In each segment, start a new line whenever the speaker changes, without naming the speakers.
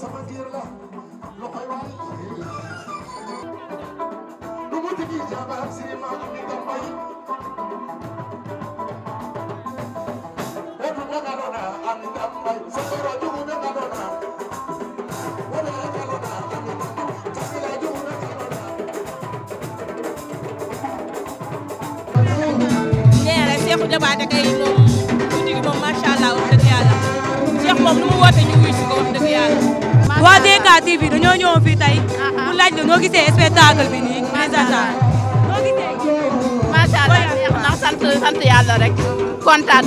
sama diir la lu koy waral du mu tigi jabaram siri maa ko mi gambay wotu na nga doona ami gambay sa koro jugu na nga doona wona na nga doona ami gambay jamila jugu
na nga doona nee na Seexu Jabaate kay moom guddi gi moom macha allah wax dëgg yàlla Seex moom lu mu woote ñu wuy si ko wax dëgg yàlla waa DK TV dañoo ñëwoon fii tey bu laaj la noo gisee bi nii présentation noo gisee macha allah neex na sant sant yàlla rek kontaan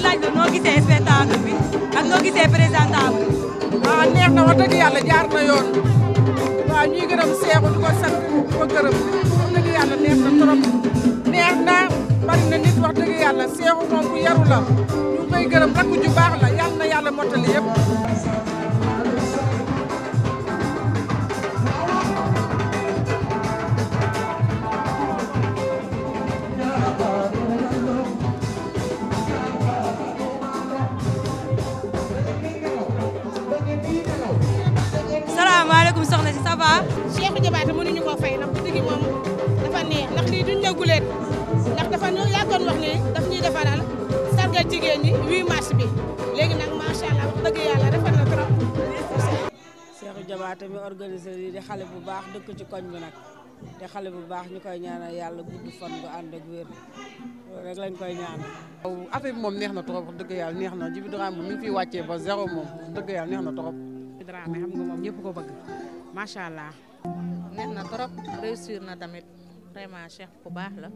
ñu laaj la noo gisee spectacle bi ak noo gisee présentable bi. waaw ah, neex na wax dëgg yàlla jaar na yoon waaw ñuy gërëm Seexu di ko sant di ko gërëm wax dëgg yàlla neex na trop
neex na bari nit wax dëgg yàlla Seexu moom bu yaru ñu ngi gërëm rakk
baax la yàlla na yàlla mottali yëpp. jabaate mi organisé lii di xale bu baax dëkk ci koñ bi nag di xale bu baax ñu koy ñaanal yàlla gudd fan bu ànd ak wér rek lañ koy ñaanal. waaw moom neex na trop wax dëgg yàlla neex na Djiby Dramé mi ngi fiy wàccee ba zéro moom dëgg yàlla neex na trop. Djiby Dramé xam nga moom ñëpp ko bëgg macha allah. neex na trop réussir na tamit vraiment cheikh ku baax la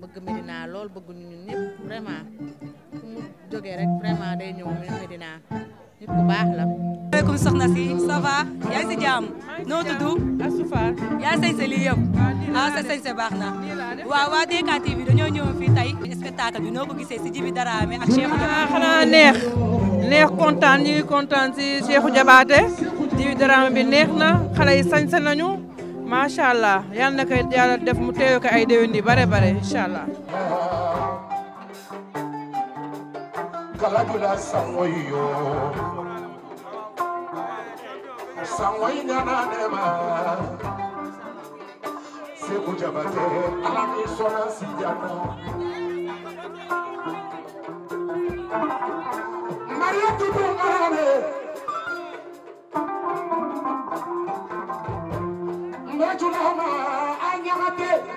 bëgg Medina lool bëgg ñu ñëpp vraiment fu mu jógee rek vraiment day ñëw Medina. nit ku baax la. maaleykum soxna si ça si jàmm noo tudd Asufa ah, baax na waaw waa DK bi noo ko gisee si Djiby Dramé ak Cheikhou Diabaté ah, xanaa neex neex kontaan ñu kontaan si Cheikhou Diabaté Djiby Dramé bi neex na xale yi sañ nañu macha allah yal na ko def mu teewe ko ay déwén yi bare bare incha allah kalagula
sangoyo sangoyi
ɲananɛma
segu jabate ala ni sɔnna
sijana mariya tutu marane
mbɛjunama
a ɲagate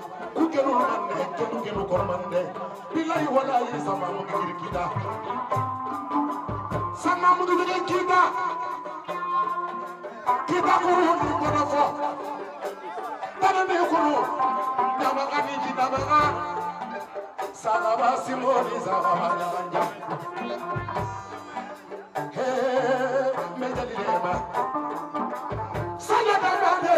gelu nande jonu gelu kormande billahi wallahi sama mu ngi ngir
kiida sama mu ngi ngir kiida kiida ko woni bono ko dana ne ko no
dama ngani ji dama nga sala
me dalile ba sala dama de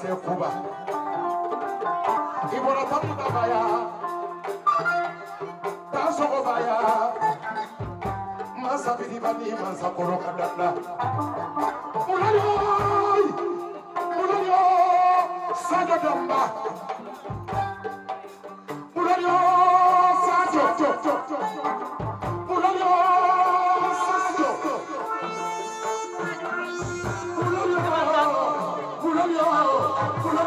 se kuba i bɔra tabutafaya tansogobaya masabiriba ni mansakɔrɔ ka dabila mulɔyɔ mulɔyɔ sajɔ dɔnba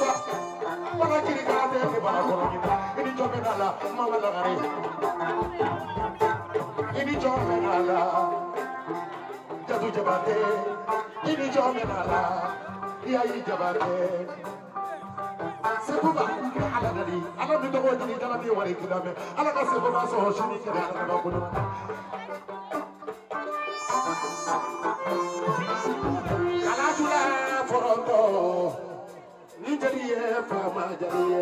sa bana kiri kana te ni bana kɔnɔ ɲina i ni jɔn bɛ na la mama lagare i ni jɔn bɛ na la jatu jabate i ni jɔn bɛ na la yayi jabate sekuba ala nani ala min tɔgɔ jigi jala min wari kila mɛ ala ka sekuba sɔrɔ sini kɛnɛ ala ka bolo jariye fama jariye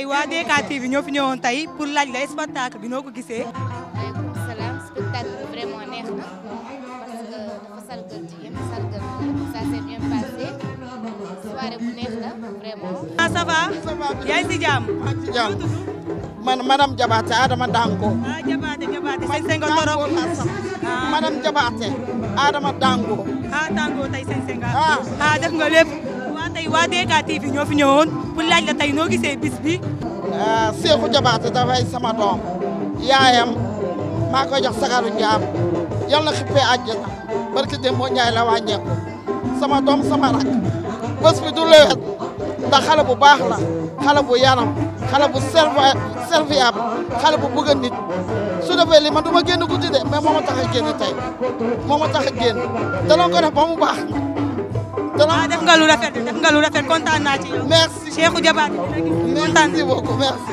tey waa DK TV ñoo fi ñëwoon tey pour laaj la spectacle bi noo ko gisee. waaleykum salaam spectacle bi vraiment neex na
parce bu neex la vraiment.
ah ça va. ça si jàmm. maa si jàmm man madame Adama Danko. ah Diabaté Diabaté seen seen nga ah. Adama Danko. ah Danko tey seen seen nga. Ah. ah def nga lépp. waa tey waa ñoo fi ñëwoon. bu laaj la tey bi. Ah, Seexu Jabaate dafay sama doom yaayam maa koy jox sagaru njaam yàlla xippee àjjana barki dem moo ñaay la wàññeeku sama doom sama rak bés du lewet ndax xale bu baax la xale bu yaram xale bu serviable xale bu bëgg su defee lii man du ma génn guddi de mais tax a tey moo tax a génn danoon ko def baax waaw def nga lu rafet def nga lu rafet kontaan naa ci yow. merci Cheikhou Diabaté kontaan merci beaucoup merci.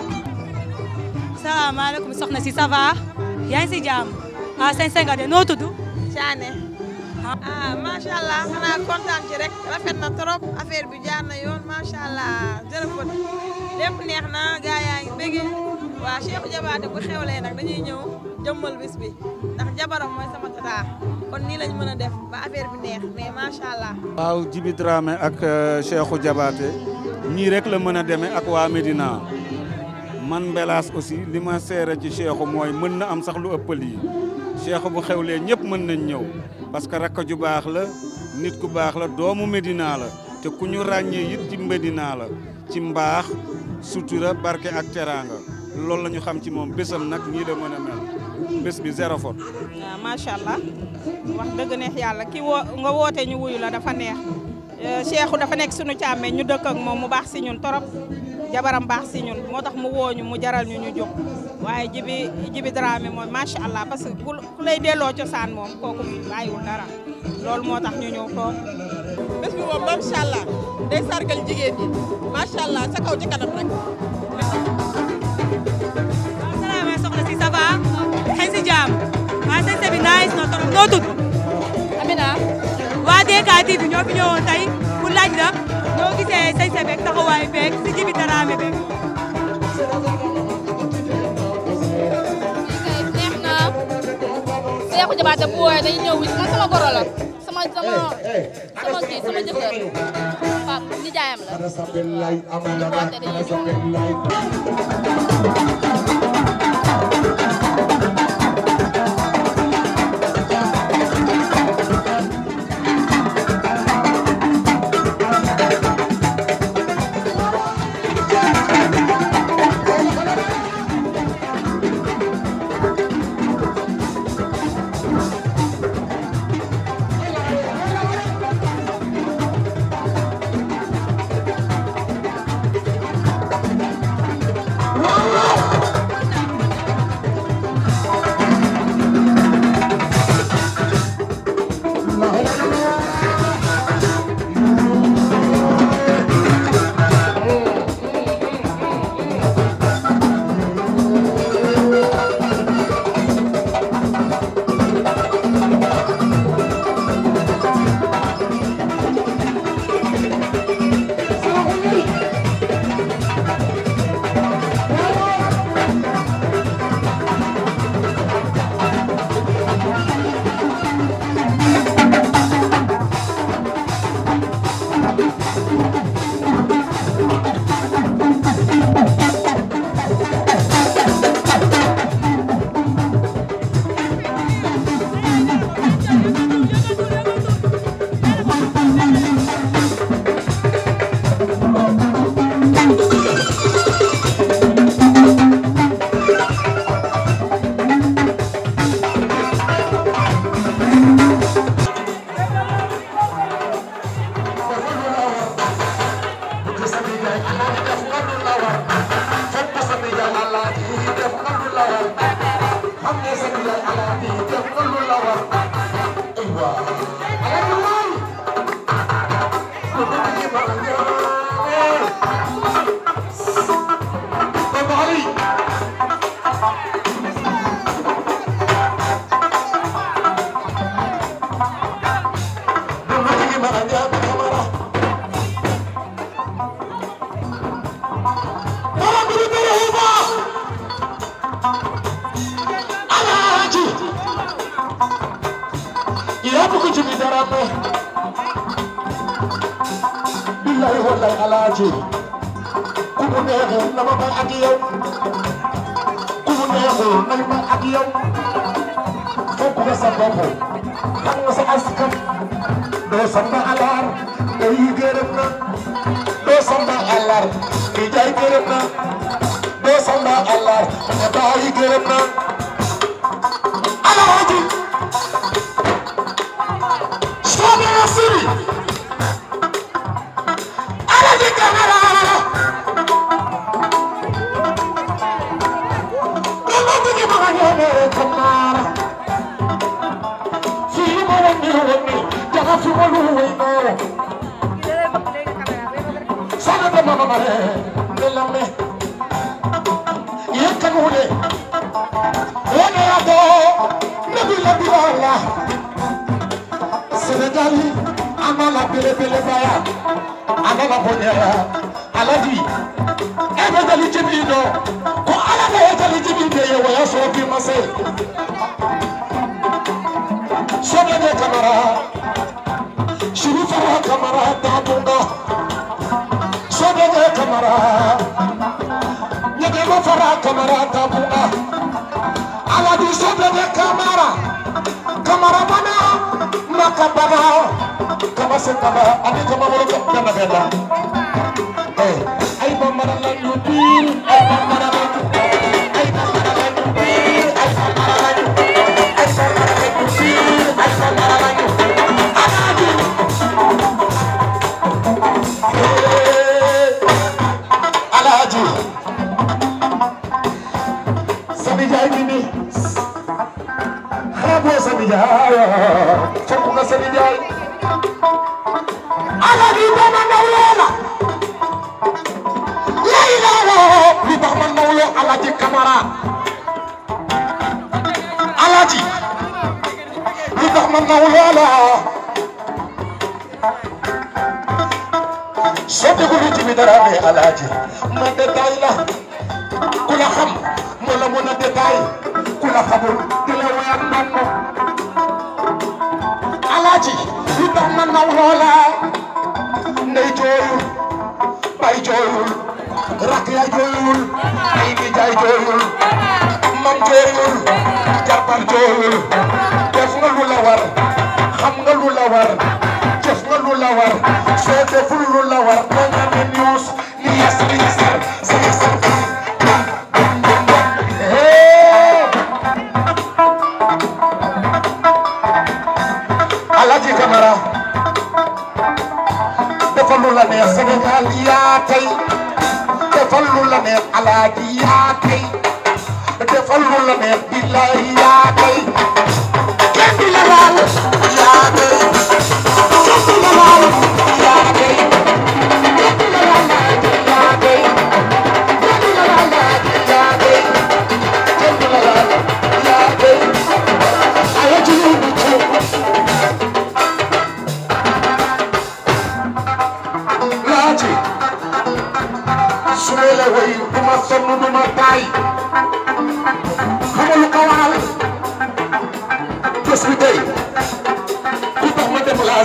salaamaaleykum soxna si ça va. yaa ngi si jàmm. ah sëñ Senga de noo tudd. Thiané. ah macha allah xanaa kontaan ci rek rafet na trop affaire bi jaar na yoon macha allah jërëfët lépp neex na gaa yaa ngi bëgg waa Cheikhou Diabaté bu xewlee nag dañuy ñëw. jëmmal bis ndax jabaram mooy sama kon nii lañ mën a def ba affaire bi neex mais macha allah.
waaw Djiby Dramé ak euh, Cheikhou Diabaté ñii rek la mën a demee ak waa Médina man Mbelaas aussi li ma seere ci Cheikhou mooy mën na am sax lu ëpp lii Cheikhou bu xewlee ñëpp mën nañ ñëw parce que rakk ju baax la nit ku baax la doomu Médina la te ku ñu ràññee it la ci mbaax sutura barke ak teraanga loolu la ñu xam ci moom bésam nag ñii la mën a mel bés bi zéro faute.
Ah, macha allah wax dëgg neex yàlla ki woo nga woote ñu wuyu la dafa neex eh, Cheikhou dafa nekk suñu càmmee ñu dëkk ak moom mu baax si ñun torop jabaram baax si ñun moo tax mu wooñu mu jaral ñu ñu jóg waaye jibi jibi Dramé mooy macha allah parce que ku lay delloo cosaan moom kooku bàyyiwul dara loolu moo tax ñu ñëw toog. bés bi moom macha allah day sargal jigéen ñi macha allah sa kaw ci kanam rek. bi nice na trop noo tudd. Amina. waa DK TV ñoo fi ñëwoon tey bu laaj la ñoo gisee sañ-sañ beeg taxawaay beeg si ji bi daraame beeg. neex na Seexu Jabaate bu
billahi wallahi alaaji ku mu neexul na ma bay ak yow ku mu neexul nañ ma ak yow fokk nga sa bopp xam nga sa askan doo samba alar day gërëm na doo samba alar di jaay gërëm na doo samba alar na baay gërëm na alaaji soo mu neexa alaji ebe jali jibi no ko ala na ye e jali jibi de ye waya sɔrɔ bi ma se sɔbɛnɛ kamara surufara kamara datunga sɔbɛnɛ kamara ɲɛgɛnba fara kamara datunga alaji sɔbɛnɛ kamara kamara bana makabaga kaba se kaba ani kaba wolo Madaba. Rasul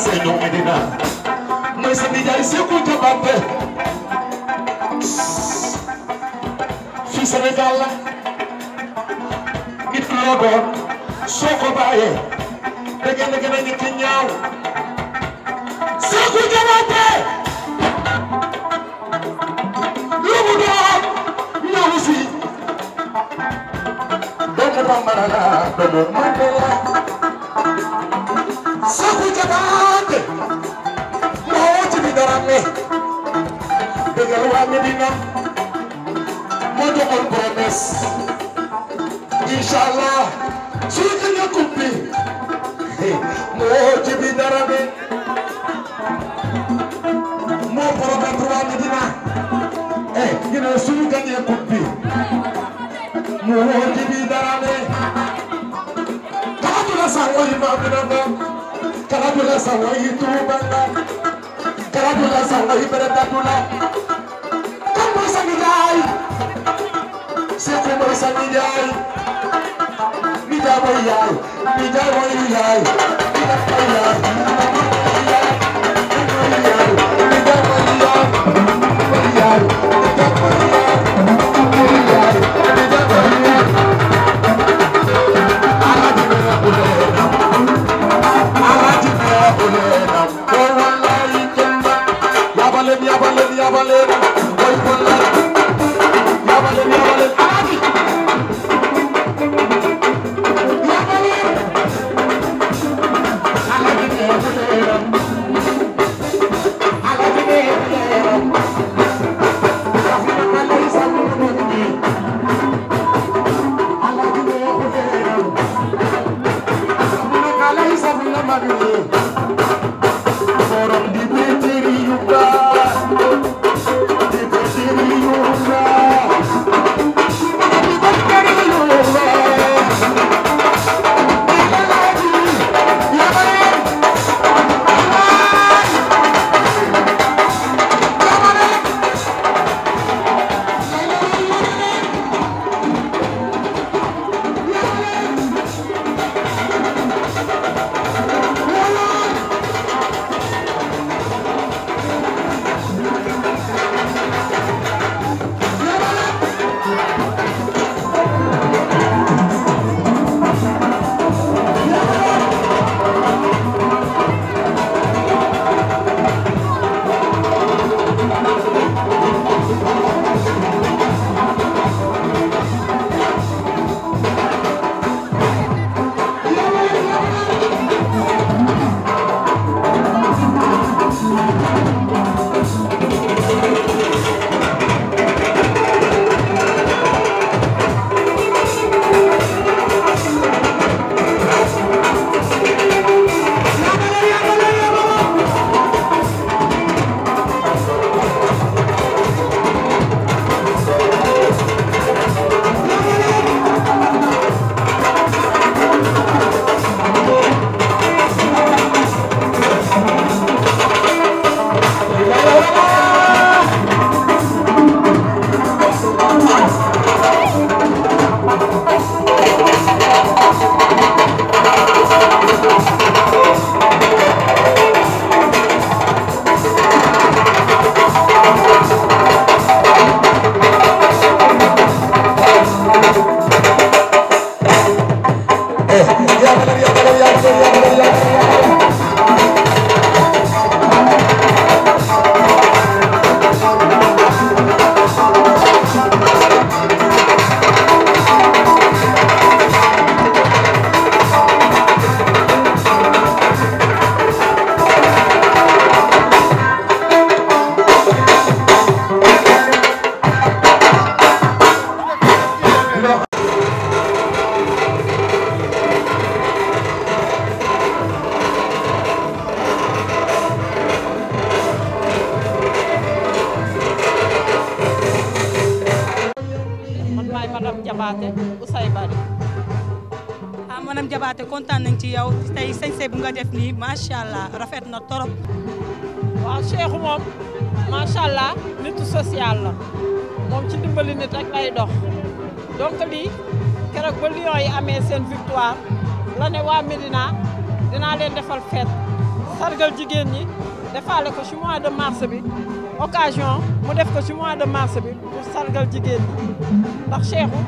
say ñoom Medina mooy sa nijaay Seku Jabate fii Sénégal la nit ki la doon soo ko bàyyee da ngeen a gën a nit ñaaw Seku Jabate lu mu doon ñëw si doomu Bambara la siku jabaate moo wajjibi daramme dëggal waa Medina moo joxoon promesse inshallah suñu dëgga kubbi moo wajjibi daramme moo promettre waa Medina eh ñu ne suñu gagné kubbi moo wajjibi daramme taatu la sax wajjibi daramme karatula sawayi tubala karatula sawayi beretatula kambo sanijay sekumbo
lay dox donc lii keroog ba Lions yi amee seen victoire la waa Médina dinaa leen defal fête sargal jigéen ñi defaale ko ci mois de mars bi occasion mu def ko ci mois de mars bi pour sargal jigéen ñi ndax Cheikhou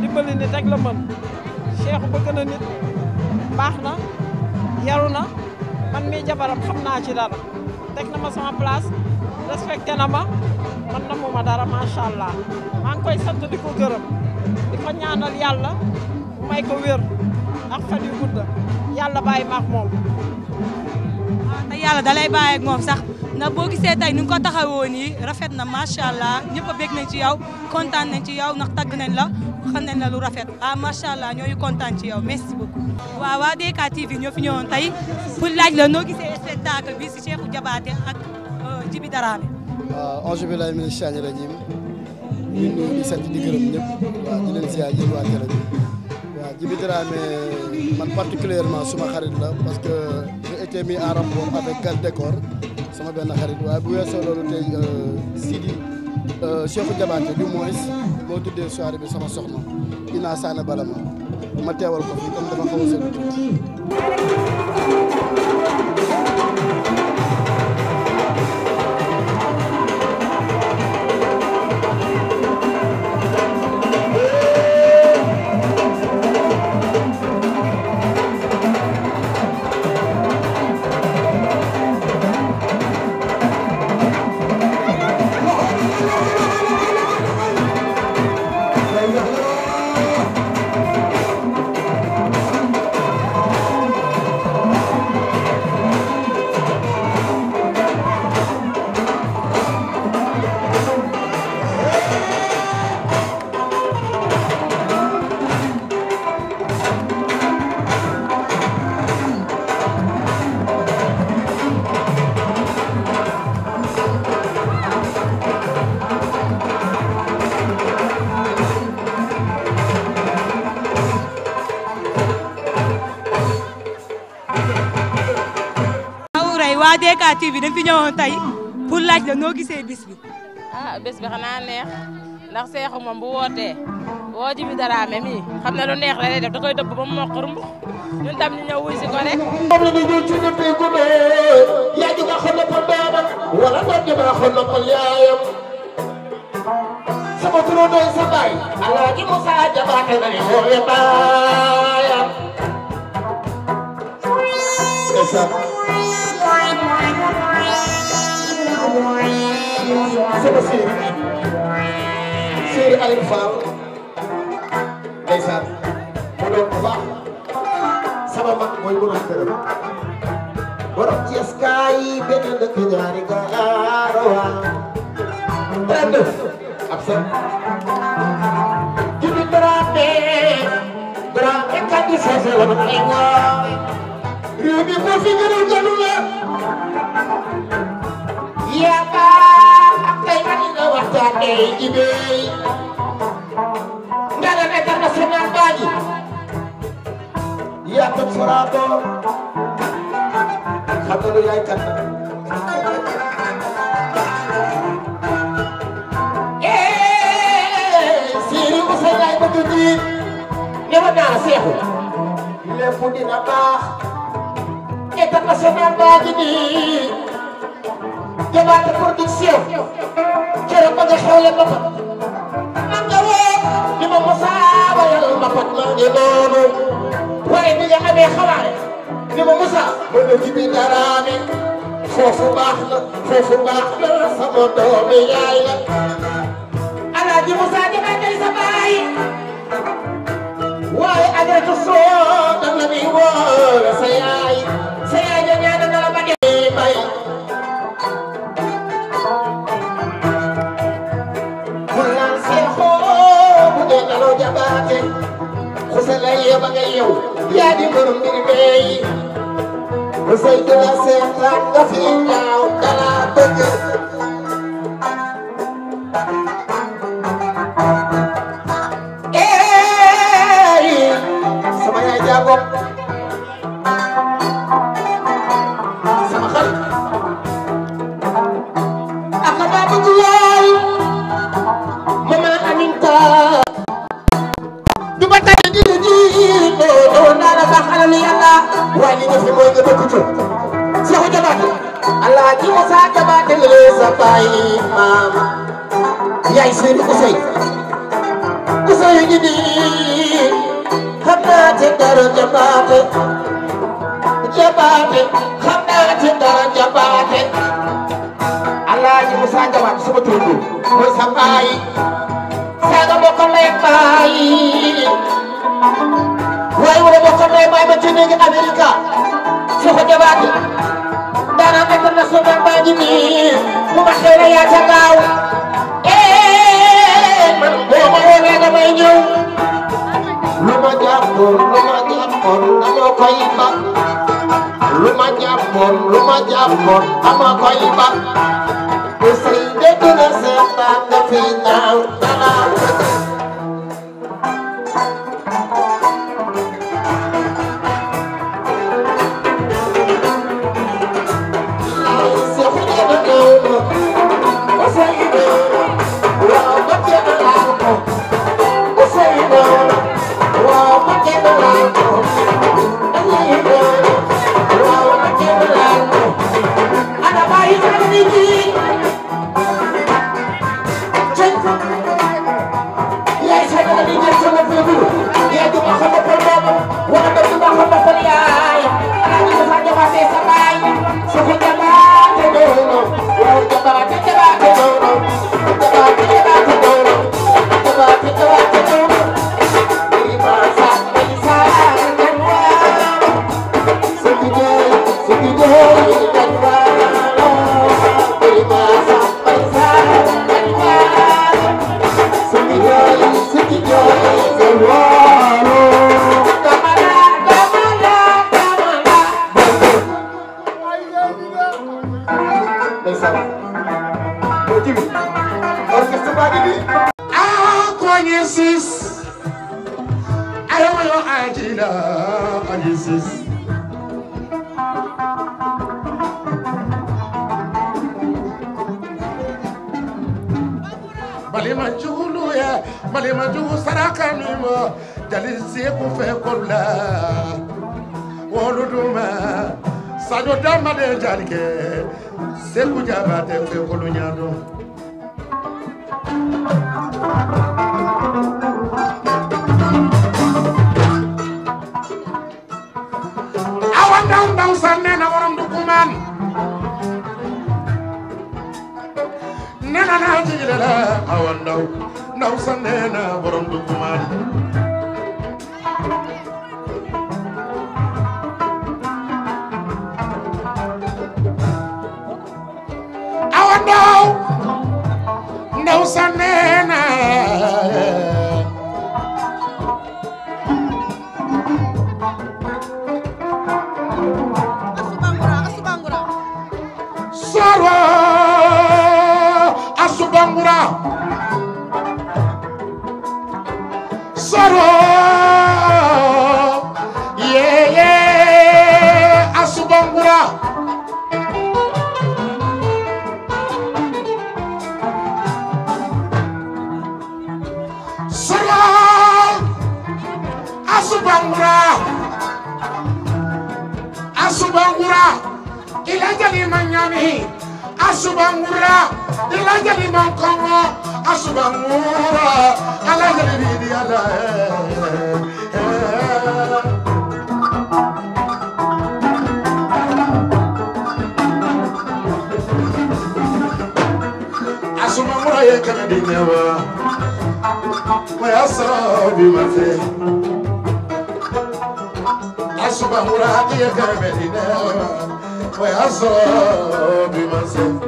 dimbali nit rek la mën Cheikhou bëgg na nit baax na yaru na man mii jabaram xam naa ci dara teg na ma sama place respecté na ma man dara macha allah maa ngi koy sant di ko gërëm di ko ñaanal yàlla may ko wér ak fan yu gudd yàlla bàyyi ma ak moom. waaw ah, te yàlla da lay bàyyi ak moom sax na boo gisee tey ni nga ko taxawoo nii rafet na macha allah ñëpp a bég nañ ci yow kontaan nañ ci yow ndax tagg nañ la xam nañ la lu rafet a ah, macha allah ñooyu kontaan ci yow merci beaucoup. waaw waa DK TV ñoo fi ñëwoon tey pour laaj la noo gisee spectacle bi si Cheikhou Diabaté ak euh, Djiby Dramé.
waaw auzu billaahi mina shaytaani rajiim ñu ngi di sant di gërëm ñëpp waaw di leen ziar man particulièrement suma xarit la parce que j'ai été mis rapport avec Gal sama benn xarit waaye bu weesoo loolu tey euh, Sidi euh, Cheikhou Diabaté du moins moo tuddee soirée bi sama soxna Ina Sane Balama ma teewal ko fi dama xaw a seetlu tuuti
Touba TV dañ fi ñëwoon tey pour laaj la noo gisee bis bi. ah bis neex ndax seexu moom bu wootee woo ji bi dara même lu neex la lay def da koy dëbb ba mu mokk rumb ñun tam ñu ñëw si ko rek. moom la ñu ñëw ci ñebe
gu ne yaa ji nga xam ne kon daanam wala
sama séeri séeri Alioune Fall
ndeysaan
mu doon bu baax sama mag mooy borom këram borom Cees kaay benn dëkk ñaari gaarawa benn ab sa juddu Dramé Dramé kàddu sase la ma ay nga réew mi moo fi gënal gënu la yaakaar Saatee Ibey ngalam international baa ngi yaatal Soraato xam nga lu yaay kan
eh, Siri Ousseyn laay bëgg diit
ne ma naa la seexu lépp dina baax international
baa ngi nii
Diabaté production keroog ba nga xewle ba pat man nga woo ni ma Moussa bayal ba pat maa ngi noonu waaye bi nga amee xawaare ni ma Moussa ma ne ji bi
daraame foofu baax na
foofu baax na sama doomi yaay la Alaaji Moussa Diabaté sa baay waaye agratu soo dana mi woo sa yaay sa yaay ja ñaana na la ba dee bay baake xusala yee ba nga yow yaa di mbër mbir meey xusay dina seetaan nga fi ñaaw dala bëgg koy ba lu ma jàppoon lu ma jàppoon ama koy ba bu sey de dina seetaan
dafay naaw day sara boo jibi
orchestre baa ngi nii ah koñe siis ayoyo ajila koñe siis balima juulu ye balima jugu saraka min ma jali seku fɛ kola wolu duma sajo dama de jali kɛ Sékou Diabaté fẹ́ kolo ɲadɔn awa ndaw ndaw san nena worom dukuman na jigile la awa ndaw ndaw san nena worom sorrow.
Yeah, yeah, Asubangura. Sorrow, Asubangura. Asubangura.
Ilajali manyami. Asubangura. Ilajali mangkongo. أصبح نورا على قلبي دي أصبح نورا يا كندي نوا ويسرى بما فيه أصبح نورا يا كندي نوا ويسرى بما فيه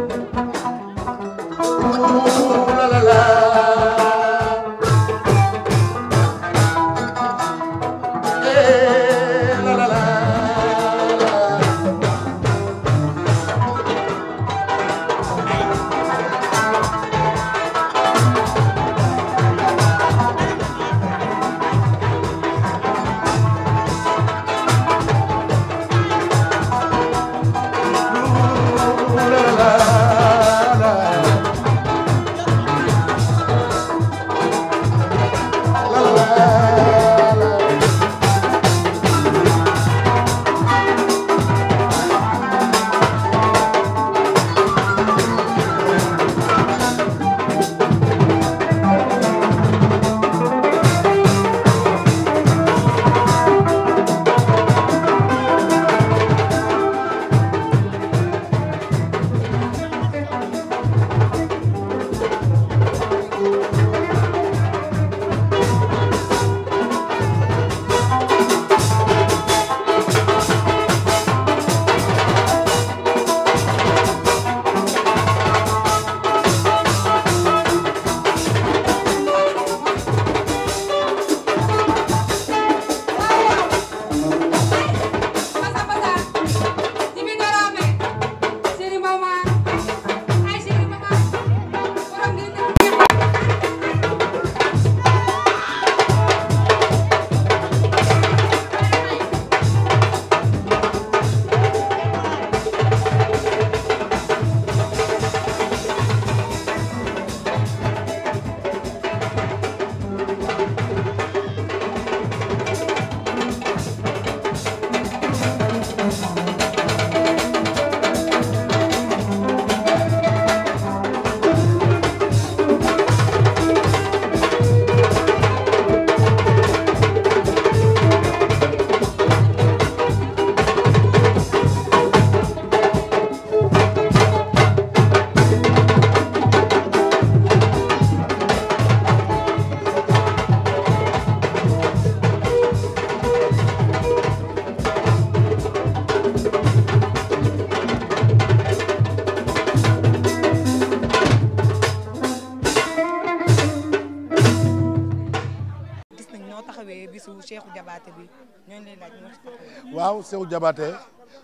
waaw Seex Jabaate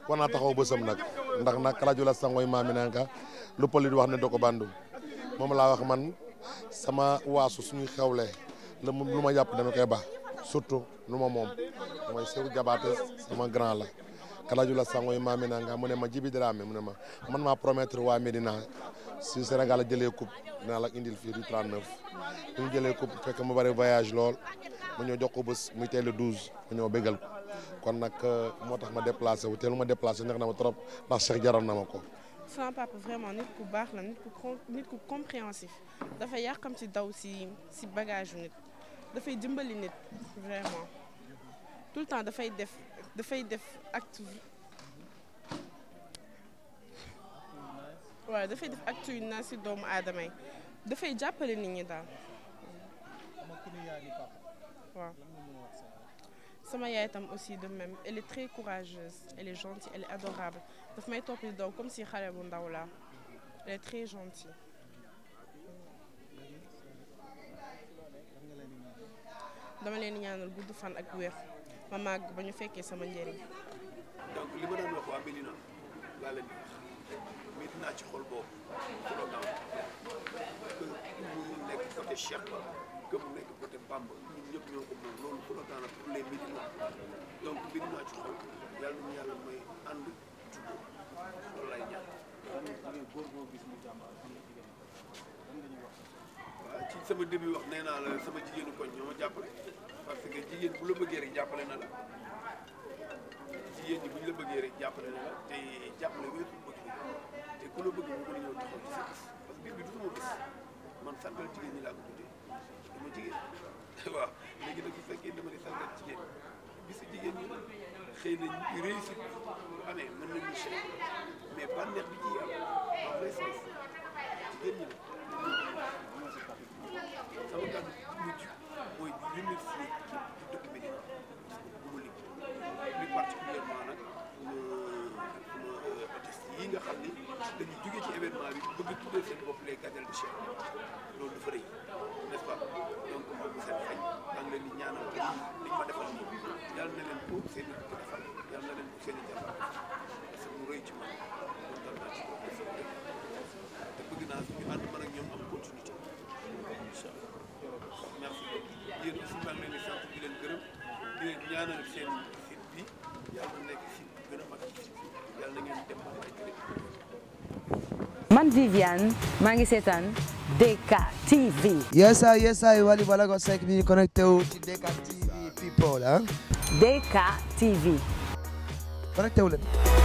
war naa taxaw bësam nag ndax nag kala jula sangoy maaminanka lu polit wax ne doko bandu moom laa wax man sama waasu suñuy xewle la lu ma yàpp dama koy baax surtout lu ma moom mooy Seex Jabaate sama grand la kala jula sangoy maaminanka mu ne ma Djiby Dramé mu ne ma man maa promettre waa Médina si Sénégal jëlee coupe dinaa la indil fii du 39 bu ñu jëlee coupe fekk mu bari voyage lool mu ñëw jox ko bés muy tey le 12 mu ñëw kon nag euh, moo tax ma déplacé wu te ma déplacé neex na ma trop ndax Cheikh jaral na ma ko.
sama papa vraiment nit ku baax la nit ku nit ku compréhensif dafa yàqam si daw si si bagage nit dafay dimbali nit vraiment tout le temps dafay def dafay def acte. dafay def acte naa si doomu aadama dafay jàppale nit ñi daal waaw sama yaay itam aussi de même elle est très courageuse elle est gentille elle adorable daf may topp donc comme si xale bu ndaw la elle est très gentille. dama leen ñaanal gudd fan ak wér ma màgg ba ñu fekkee sama njëriñ.
donc li ma nekk côté Cheikh Ba nekk côté Bamba. ñëpp ñoo ko moom loolu pour autant la pour les Médinois donc mbir naa ci xol yàlla nañu yàlla may ànd jubóo loolu lay ñaan. waaw ci sama début wax nee naa sama jigéenu koñ ñoo ma jàppale parce que jigéen bu la jàppale na la jigéen ñi la bëggee rek jàppale na te jàppale weesu bëgg te ku la parce que mbir bi du sama gis man léegi nag bu fekkee dama di tàggat jigéen gisu jigéen ñi xëy na ñu réussite bu amee mën nañu cher mais bànneex bi ciy am en vrai sens jigéen ñi la sama kàddu mujj mooy di remercier ci dëkk bi di bu ma li ma artiste yi nga xam ni dañu jóge ci événement bi bëgg tuddee seen bopp les gagnants
Viviane maa ngi seetaan DK TV. yes sir yes sir Wally Ballago Seck mi connecté wu ci DK ah. Eh? DK TV. connecté wu